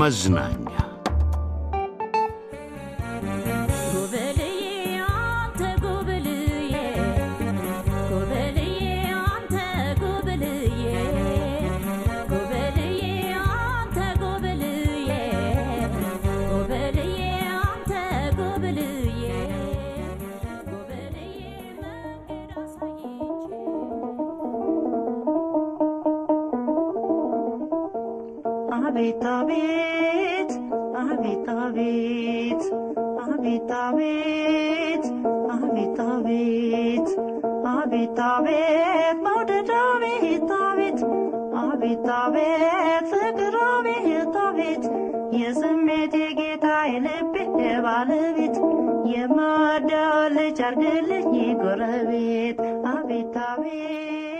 መዝናኛ Yeah. አቤት አቤት አቤት አቤት አቤት አቤት አቤት አቤት አቤት አቤት መውደድ አቤት አቤት አቤት አቤት ፍቅር አቤት አቤት የስሜት የጌታ የልቤ ባለቤት የማዳው ልጅ አድርግልኝ ጎረቤት አቤት አቤት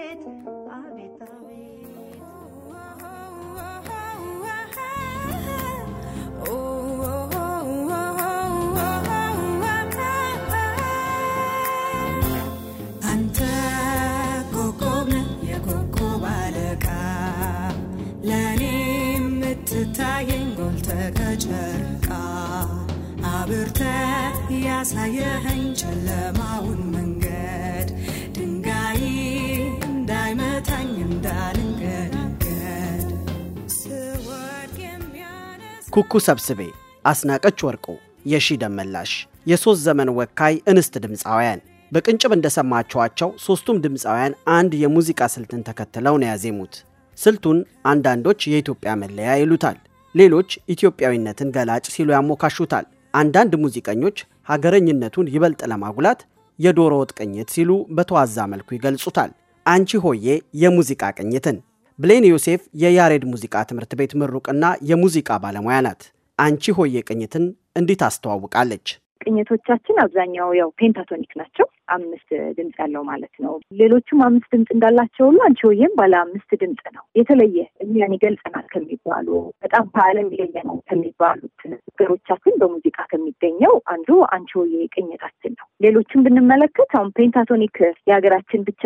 ኩኩ ሰብስቤ፣ አስናቀች ወርቁ፣ የሺ ደመላሽ የሦስት ዘመን ወካይ እንስት ድምፃውያን በቅንጭብ እንደሰማችኋቸው ሦስቱም ድምፃውያን አንድ የሙዚቃ ስልትን ተከትለው ነው ያዜሙት። ስልቱን አንዳንዶች የኢትዮጵያ መለያ ይሉታል፣ ሌሎች ኢትዮጵያዊነትን ገላጭ ሲሉ ያሞካሹታል። አንዳንድ ሙዚቀኞች ሀገረኝነቱን ይበልጥ ለማጉላት የዶሮ ወጥ ቅኝት ሲሉ በተዋዛ መልኩ ይገልጹታል። አንቺ ሆዬ የሙዚቃ ቅኝትን ብሌን ዮሴፍ የያሬድ ሙዚቃ ትምህርት ቤት ምሩቅና የሙዚቃ ባለሙያ ናት። አንቺ ሆዬ ቅኝትን እንዲት አስተዋውቃለች። ቅኝቶቻችን አብዛኛው ያው ፔንታቶኒክ ናቸው። አምስት ድምፅ ያለው ማለት ነው። ሌሎቹም አምስት ድምፅ እንዳላቸው ሁሉ አንቺሆዬም ባለ አምስት ድምፅ ነው። የተለየ እኛን ይገልጸናል ከሚባሉ በጣም በዓለም ነው ከሚባሉት ነገሮቻችን በሙዚቃ ከሚገኘው አንዱ አንቺሆዬ ቅኝታችን ነው። ሌሎቹም ብንመለከት አሁን ፔንታቶኒክ የሀገራችን ብቻ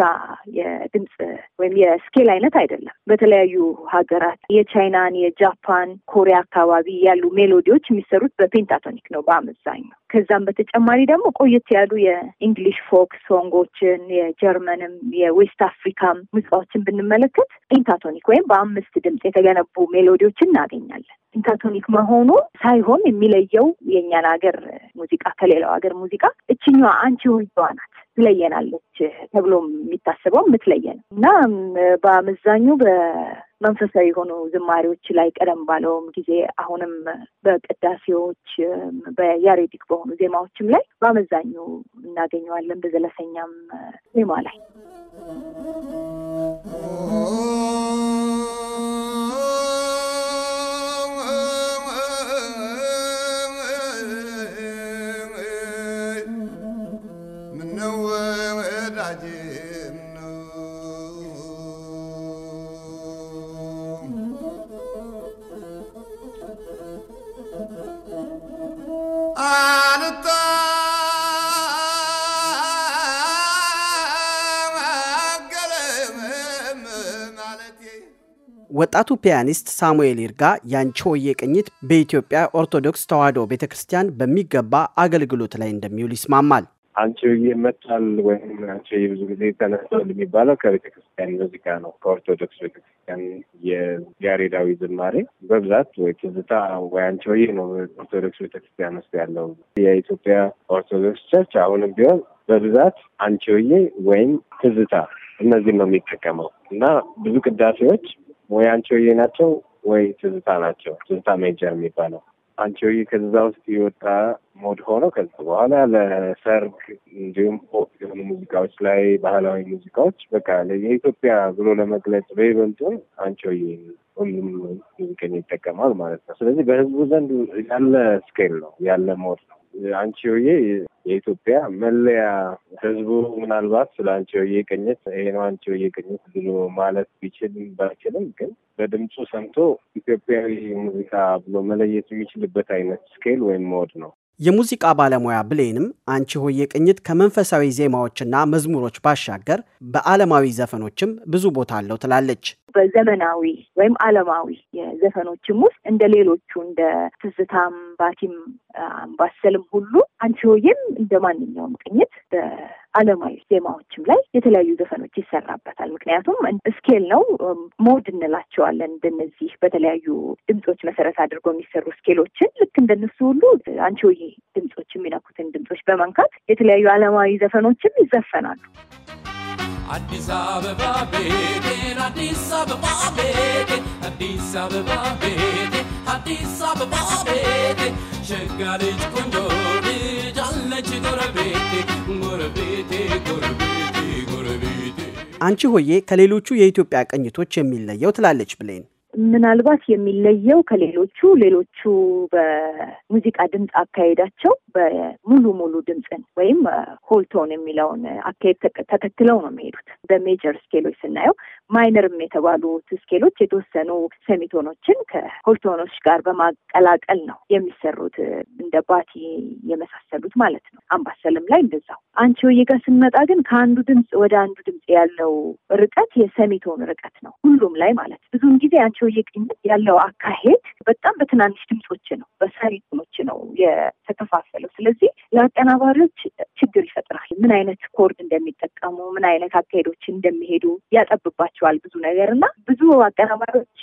የድምፅ ወይም የስኬል አይነት አይደለም። በተለያዩ ሀገራት የቻይናን፣ የጃፓን፣ ኮሪያ አካባቢ ያሉ ሜሎዲዎች የሚሰሩት በፔንታቶኒክ ነው በአመዛኙ። ከዛም በተጨማሪ ደግሞ ቆየት ያሉ የእንግሊሽ የፎክ ሶንጎችን የጀርመንም የዌስት አፍሪካም ሙዚቃዎችን ብንመለከት ፔንታቶኒክ ወይም በአምስት ድምፅ የተገነቡ ሜሎዲዎችን እናገኛለን። ፔንታቶኒክ መሆኑ ሳይሆን የሚለየው የእኛን ሀገር ሙዚቃ ከሌላው ሀገር ሙዚቃ እችኛዋ አንቺ ሆይ ናት። ትለየናለች ተብሎ የሚታሰበው የምትለየን እና በአመዛኙ በመንፈሳዊ የሆኑ ዝማሬዎች ላይ ቀደም ባለውም ጊዜ አሁንም በቅዳሴዎች በያሬዲክ በሆኑ ዜማዎችም ላይ በአመዛኙ እናገኘዋለን። በዘለሰኛም ዜማ ላይ ወጣቱ ፒያኒስት ሳሙኤል ይርጋ የአንቺሆዬ ቅኝት በኢትዮጵያ ኦርቶዶክስ ተዋሕዶ ቤተ ክርስቲያን በሚገባ አገልግሎት ላይ እንደሚውል ይስማማል። አንቺሆዬ መጥቷል ወይም አንቺሆዬ ብዙ ጊዜ ተነስቷል የሚባለው ከቤተ ክርስቲያን ሙዚቃ ነው። ከኦርቶዶክስ ቤተ ክርስቲያን የያሬዳዊ ዝማሬ በብዛት ወይ ትዝታ ወይ አንቺሆዬ ነው ኦርቶዶክስ ቤተ ክርስቲያን ውስጥ ያለው። የኢትዮጵያ ኦርቶዶክስ ቸርች አሁንም ቢሆን በብዛት አንቺሆዬ ወይም ትዝታ እነዚህ ነው የሚጠቀመው እና ብዙ ቅዳሴዎች ወይ አንቺሆዬ ናቸው ወይ ትዝታ ናቸው። ትዝታ ሜጀር የሚባለው አንቺሆዬ ከዛ ውስጥ የወጣ ሞድ ሆኖ ከዚ በኋላ ለሰርግ እንዲሁም የሆኑ ሙዚቃዎች ላይ ባህላዊ ሙዚቃዎች በቃ የኢትዮጵያ ብሎ ለመግለጽ በይበልጡ አንቺሆዬ ሁሉም ሙዚቀኛ ይጠቀማል ማለት ነው። ስለዚህ በህዝቡ ዘንድ ያለ ስኬል ነው ያለ ሞድ ነው። ሆዬ የኢትዮጵያ መለያ ህዝቡ ምናልባት ስለ ሆዬ ቅኝት ይሄ ነው ሆዬ ቅኝት ብሎ ማለት ቢችል ባይችልም፣ ግን በድምፁ ሰምቶ ኢትዮጵያዊ ሙዚቃ ብሎ መለየት የሚችልበት አይነት ስኬል ወይም ሞድ ነው። የሙዚቃ ባለሙያ ብሌንም አንቺ ሆዬ ቅኝት ከመንፈሳዊ ዜማዎችና መዝሙሮች ባሻገር በዓለማዊ ዘፈኖችም ብዙ ቦታ አለው ትላለች። በዘመናዊ ወይም ዓለማዊ የዘፈኖችም ውስጥ እንደ ሌሎቹ እንደ ትዝታም፣ ባቲም፣ አምባሰልም ሁሉ አንቺ ሆዬም እንደ ማንኛውም ቅኝት አለማዊ ዜማዎችም ላይ የተለያዩ ዘፈኖች ይሰራበታል። ምክንያቱም ስኬል ነው ሞድ እንላቸዋለን። እንደነዚህ በተለያዩ ድምጾች መሰረት አድርጎ የሚሰሩ ስኬሎችን ልክ እንደነሱ ሁሉ አንቺሆዬ ድምጾች የሚነኩትን ድምጾች በመንካት የተለያዩ አለማዊ ዘፈኖችም ይዘፈናሉ። አዲስ አበባ ቤቴን አዲስ አበባ ቤቴ አዲስ አበባ ቤቴ አዲስ አበባ ቤቴ ሸጋ ልጅ ቆንጆ ልጅ አለች ጎረቤቴ ጎረቤቴ ጎረቤቴ ጎረቤቴ አንቺ ሆዬ ከሌሎቹ የኢትዮጵያ ቅኝቶች የሚለየው ትላለች ብሌን ምናልባት የሚለየው ከሌሎቹ ሌሎቹ በሙዚቃ ድምፅ አካሄዳቸው በሙሉ ሙሉ ድምፅን ወይም ሆልቶን የሚለውን አካሄድ ተከትለው ነው የሚሄዱት። በሜጀር ስኬሎች ስናየው ማይነርም የተባሉት ስኬሎች የተወሰኑ ሰሚቶኖችን ከሆልቶኖች ጋር በማቀላቀል ነው የሚሰሩት፣ እንደ ባቲ የመሳሰሉት ማለት ነው። አምባሰልም ላይ እንደዛው። አንቺሆዬ ጋር ስንመጣ ግን ከአንዱ ድምፅ ወደ አንዱ ድምፅ ያለው ርቀት የሰሚቶን ርቀት ነው፣ ሁሉም ላይ ማለት ብዙውን ጊዜ አንቺ የእሳቸው የቅኝት ያለው አካሄድ በጣም በትናንሽ ድምፆች ነው፣ በሰሪጥኖች ነው የተከፋፈለው። ስለዚህ ለአቀናባሪዎች ችግር ይፈጥራል። ምን አይነት ኮርድ እንደሚጠቀሙ፣ ምን አይነት አካሄዶች እንደሚሄዱ ያጠብባቸዋል ብዙ ነገር እና ብዙ አቀናባሪዎች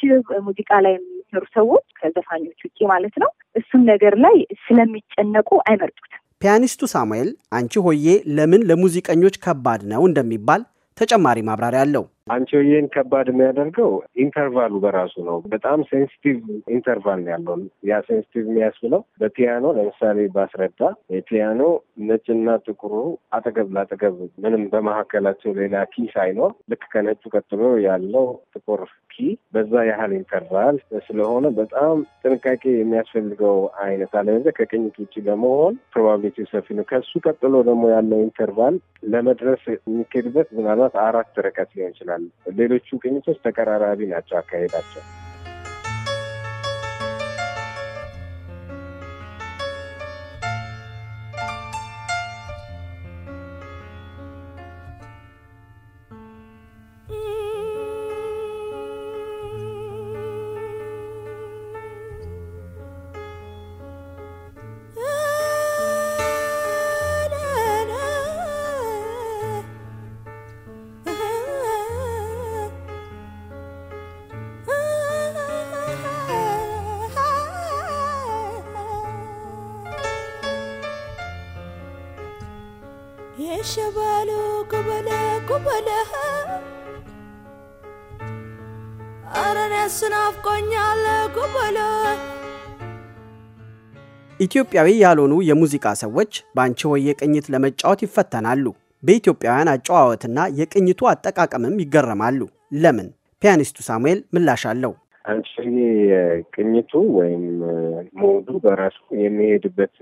ሙዚቃ ላይ የሚሰሩ ሰዎች ከዘፋኞች ውጭ ማለት ነው እሱን ነገር ላይ ስለሚጨነቁ አይመርጡትም። ፒያኒስቱ ሳሙኤል አንቺ ሆዬ ለምን ለሙዚቀኞች ከባድ ነው እንደሚባል ተጨማሪ ማብራሪያ አለው። አንቺሆዬን ከባድ የሚያደርገው ኢንተርቫሉ በራሱ ነው። በጣም ሴንሲቲቭ ኢንተርቫል ያለው ያ ሴንሲቲቭ የሚያስብለው በፒያኖ ለምሳሌ ባስረዳ የፒያኖ ነጭና ጥቁሩ አጠገብ ላጠገብ ምንም በመካከላቸው ሌላ ኪ ሳይኖር ልክ ከነጩ ቀጥሎ ያለው ጥቁር ኪ በዛ ያህል ኢንተርቫል ስለሆነ በጣም ጥንቃቄ የሚያስፈልገው አይነት አለበለዚያ ከቅኝት ውጭ ለመሆን ፕሮባቢሊቲ ሰፊ ነው። ከሱ ቀጥሎ ደግሞ ያለው ኢንተርቫል ለመድረስ የሚኬድበት ምናልባት አራት ርቀት ሊሆን ይችላል። ይመስላል። ሌሎቹ ቅኝቶች ተቀራራቢ ናቸው አካሄዳቸው። الشبال قبله قبله አረኔ ቁበለ ኢትዮጵያዊ ያልሆኑ የሙዚቃ ሰዎች በአንቺ ሆዬ ቅኝት ለመጫወት ይፈተናሉ። በኢትዮጵያውያን አጨዋወትና የቅኝቱ አጠቃቀምም ይገረማሉ። ለምን? ፒያኒስቱ ሳሙኤል ምላሽ አለው። አንቺዬ ቅኝቱ ወይም ሞዱ በራሱ የሚሄድበት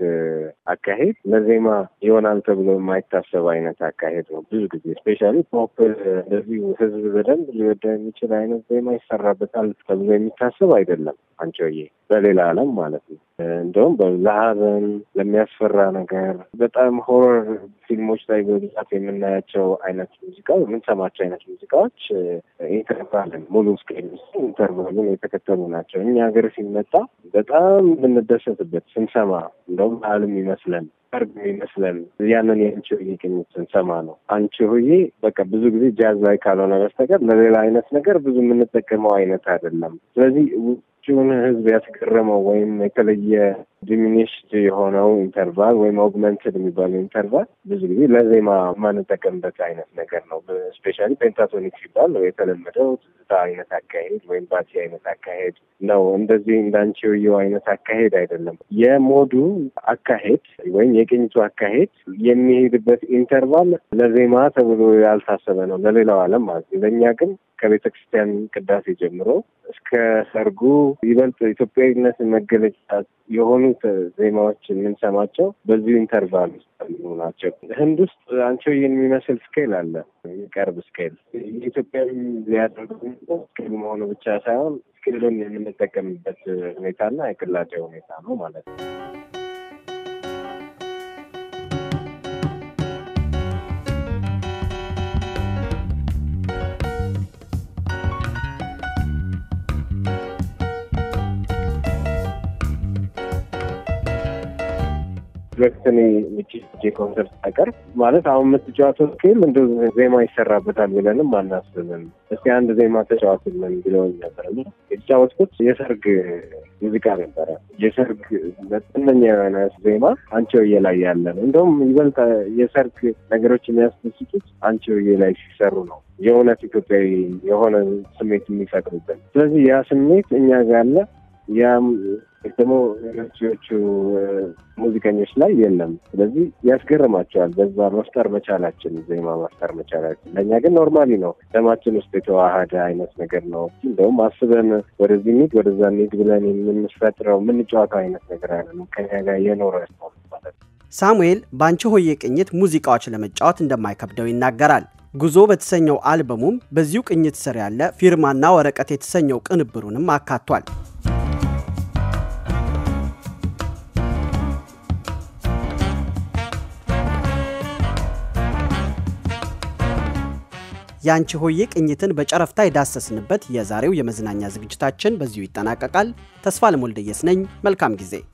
አካሄድ ለዜማ ይሆናል ተብሎ የማይታሰብ አይነት አካሄድ ነው። ብዙ ጊዜ ስፔሻሊ ፖፕ እንደዚሁ ህዝብ በደንብ ሊወደ የሚችል አይነት ዜማ ይሰራበታል ተብሎ የሚታሰብ አይደለም። አንጮዬ በሌላ ዓለም ማለት ነው። እንደውም ለሀዘን ለሚያስፈራ ነገር በጣም ሆረር ፊልሞች ላይ በብዛት የምናያቸው አይነት ሙዚቃ የምንሰማቸው አይነት ሙዚቃዎች ኢንተርቫልን ሙሉ እስከ ኢንተርቫልን የተከተሉ ናቸው። እኛ ሀገር ሲመጣ በጣም የምንደሰትበት ስንሰማ እንደውም ባህልም ይመስለን ቀርብ ይመስለን ያንን ሁዬ ቅኝት ስንሰማ ነው። ሁዬ በቃ ብዙ ጊዜ ጃዝ ላይ ካልሆነ በስተቀር ለሌላ አይነት ነገር ብዙ የምንጠቀመው አይነት አይደለም። ስለዚህ ብዙዎቹን ህዝብ ያስገረመው ወይም የተለየ ዲሚኒሽድ የሆነው ኢንተርቫል ወይም ኦግመንትድ የሚባለው ኢንተርቫል ብዙ ጊዜ ለዜማ የማንጠቀምበት አይነት ነገር ነው። ስፔሻሊ ፔንታቶኒክ ሲባል የተለመደው ትዝታ አይነት አካሄድ ወይም ባሲ አይነት አካሄድ ነው። እንደዚህ እንዳንቺውየው አይነት አካሄድ አይደለም። የሞዱ አካሄድ ወይም የቅኝቱ አካሄድ የሚሄድበት ኢንተርቫል ለዜማ ተብሎ ያልታሰበ ነው፣ ለሌላው ዓለም ማለት ነው። ለእኛ ግን ከቤተክርስቲያን ቅዳሴ ጀምሮ እስከ ሰርጉ ይበልጥ ኢትዮጵያዊነት መገለጫ የሆኑ ዜማዎች የምንሰማቸው በዚሁ ኢንተርቫል ውስጥ ናቸው። ህንድ ውስጥ አንቸው የሚመስል ስኬል አለ፣ የሚቀርብ ስኬል ኢትዮጵያዊ ሊያደርጉ ስኬል መሆኑ ብቻ ሳይሆን ስኬሉን የምንጠቀምበት ሁኔታና የቅላጤ ሁኔታ ነው ማለት ነው። ድረክትን ውጭ ኮንሰርት ሳቀር ማለት አሁን የምትጫዋተው ስኪል እንደ ዜማ ይሰራበታል ብለንም አናስብም። እስቲ አንድ ዜማ ተጫዋትልን ብለውኝ ነበር። የተጫወትኩት የሰርግ ሙዚቃ ነበረ። የሰርግ መጠነኛ የሆነ ዜማ አንቺሆዬ ላይ ያለ ነው። እንደውም ይበልጥ የሰርግ ነገሮች የሚያስደስቱት አንቺሆዬ ላይ ሲሰሩ ነው የእውነት ኢትዮጵያዊ የሆነ ስሜት የሚፈጥሩብን። ስለዚህ ያ ስሜት እኛ ጋር አለ። ደግሞ ዩኒቨርሲቲዎቹ ሙዚቀኞች ላይ የለም። ስለዚህ ያስገርማቸዋል በዛ መፍጠር መቻላችን፣ ዜማ መፍጠር መቻላችን። ለእኛ ግን ኖርማሊ ነው፣ ደማችን ውስጥ የተዋሃደ አይነት ነገር ነው። እንደውም አስበን ወደዚህ ሚድ ወደዛ ሚድ ብለን የምንፈጥረው የምንጫወተው አይነት ነገር አለ ከኛ ጋር የኖረ ነው ማለት ነው። ሳሙኤል በአንቺ ሆዬ ቅኝት ሙዚቃዎች ለመጫወት እንደማይከብደው ይናገራል። ጉዞ በተሰኘው አልበሙም በዚሁ ቅኝት ስር ያለ ፊርማና ወረቀት የተሰኘው ቅንብሩንም አካቷል። የአንቺ ሆዬ ቅኝትን በጨረፍታ የዳሰስንበት የዛሬው የመዝናኛ ዝግጅታችን በዚሁ ይጠናቀቃል። ተስፋ ለሞልደየስ ነኝ። መልካም ጊዜ